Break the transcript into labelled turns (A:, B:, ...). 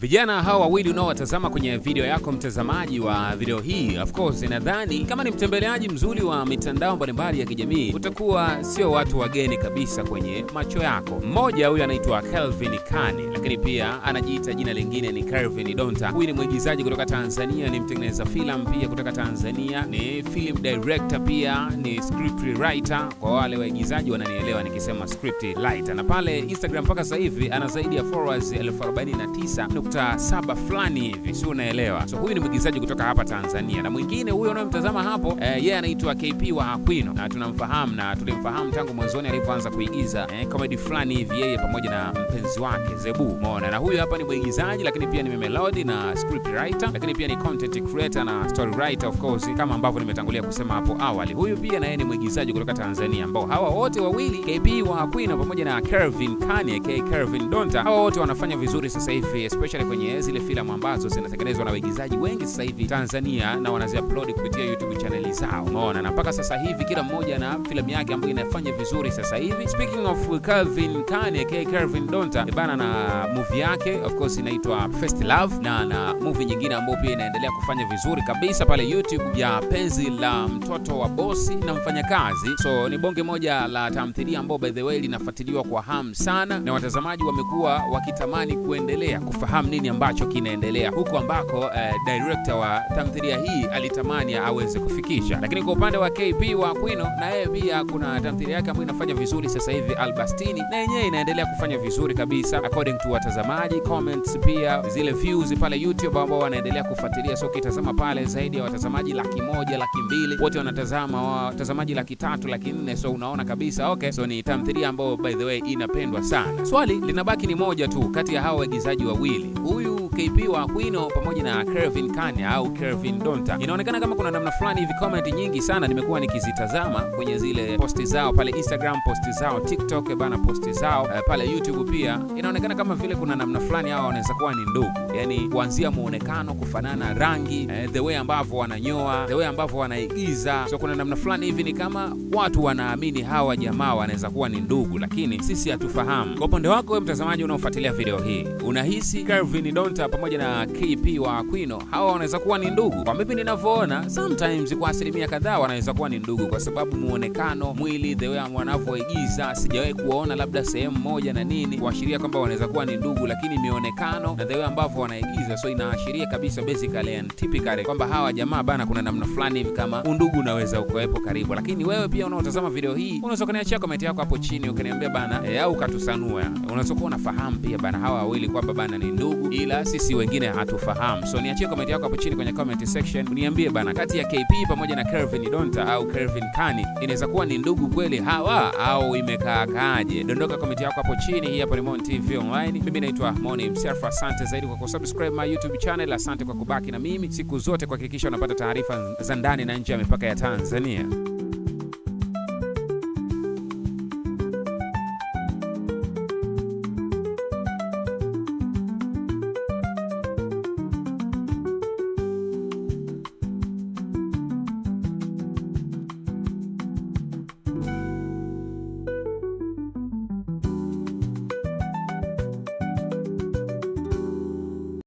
A: Vijana hawa wawili unaowatazama kwenye video yako mtazamaji wa video hii, of course, nadhani kama ni mtembeleaji mzuri wa mitandao mbalimbali ya kijamii utakuwa sio watu wageni kabisa kwenye macho yako. Mmoja huyu anaitwa Kelvin Kane, lakini pia anajiita jina lingine ni Kelvin Donta. Huyu ni mwigizaji kutoka Tanzania, ni mtengeneza filamu pia kutoka Tanzania, ni film director pia ni script writer. Kwa wale waigizaji wananielewa nikisema script writer, na pale Instagram mpaka sasa hivi ana zaidi ya followers 49 nukta saba fulani hivi, si unaelewa? So huyu ni mwigizaji kutoka hapa Tanzania, na mwingine huyo unayomtazama hapo eh, yeye, yeah, anaitwa KP wa Aquino na tunamfahamu na tulimfahamu tangu mwanzoni alipoanza kuigiza eh, comedy fulani hivi, yeye pamoja na mpenzi wake Zebu, umeona. Na huyu hapa ni mwigizaji, lakini pia ni melody na script writer, lakini pia ni content creator na story writer of course, kama ambavyo nimetangulia kusema hapo awali. Huyu pia na yeye ni mwigizaji kutoka Tanzania, ambao hawa wote wawili KP wa Aquino pamoja na Kelvin Kanye K Kelvin Donta, hawa wote wanafanya vizuri sasa hivi especially especially kwenye zile filamu ambazo zinatengenezwa na waigizaji wengi sasa hivi Tanzania na wanazi upload kupitia YouTube channel zao, unaona, na mpaka sasa hivi kila mmoja na filamu yake ambayo inafanya vizuri sasa hivi. Speaking of Calvin Kane, K Calvin Donta eh, bana, na movie yake of course inaitwa First Love na na movie nyingine ambayo pia inaendelea kufanya vizuri kabisa pale YouTube ya penzi la mtoto wa bosi na mfanyakazi. So ni bonge moja la tamthilia ambao by the way linafuatiliwa kwa hamu sana na watazamaji wamekuwa wakitamani kuendelea kufahamu kufahamu nini ambacho kinaendelea huku ambako uh, director wa tamthilia hii alitamani aweze kufikisha. Lakini kwa upande wa KP wa Kwino, na yeye pia kuna tamthilia yake ambayo inafanya vizuri sasa hivi Albastini, na yenyewe inaendelea kufanya vizuri kabisa according to watazamaji comments, pia zile views pale YouTube ambao wanaendelea kufuatilia. So ukitazama pale zaidi ya watazamaji laki moja laki mbili wote wanatazama, watazamaji laki tatu laki nne So unaona kabisa okay, so ni tamthilia ambayo by the way inapendwa sana. Swali linabaki ni moja tu kati ya hao waigizaji wawili Ui, KP wa Aquino pamoja na Kelvin Kanya au Kelvin Donta. Inaonekana kama kuna namna fulani hivi, comment nyingi sana nimekuwa nikizitazama kwenye zile posti zao pale Instagram, posti zao TikTok bana, posti zao eh, pale YouTube pia. Inaonekana kama vile kuna namna fulani hawa wanaweza kuwa ni ndugu, yani kuanzia muonekano, kufanana rangi, eh, the way ambavyo wananyoa, the way ambavyo wanaigiza. So kuna namna fulani hivi ni kama watu wanaamini hawa jamaa wanaweza kuwa ni ndugu, lakini sisi hatufahamu. Kwa upande wako wewe mtazamaji unaofuatilia video hii, unahisi Kelvin Donta pamoja na KP wa Aquino, hawa wanaweza kuwa ni ndugu kwa mimi ninavyoona. Sometimes kwa asilimia kadhaa wanaweza kuwa ni ndugu, kwa sababu muonekano, mwili, the way wanavyoigiza, sijawahi kuwaona labda sehemu moja na nini kuashiria kwamba wanaweza kuwa ni ndugu, lakini mionekano na the way ambavyo wanaigiza, so inaashiria kabisa basically and typically kwamba hawa jamaa bana, kuna namna fulani hivi kama undugu unaweza ukawepo karibu. Lakini wewe pia unaotazama video hii unaweza kuniachia comment yako hapo chini ukaniambia bana, eh, au e, ukatusanua unaweza kuwa unafahamu pia bana hawa wawili kwamba bana ni ndugu ila si sisi wengine hatufahamu. So niachie comment yako hapo chini kwenye comment section, niambie bana, kati ya KP pamoja na Kelvin Donta au Kelvin Kani inaweza kuwa ni ndugu kweli hawa au imekaakaaje? Dondoka comment yako hapo chini. Hii hapa ni Mon TV Online, mimi naitwa Moni Mserafu. Asante zaidi kwa kusubscribe my YouTube channel, asante kwa kubaki na mimi siku zote kuhakikisha unapata taarifa za ndani na nje ya mipaka ya Tanzania.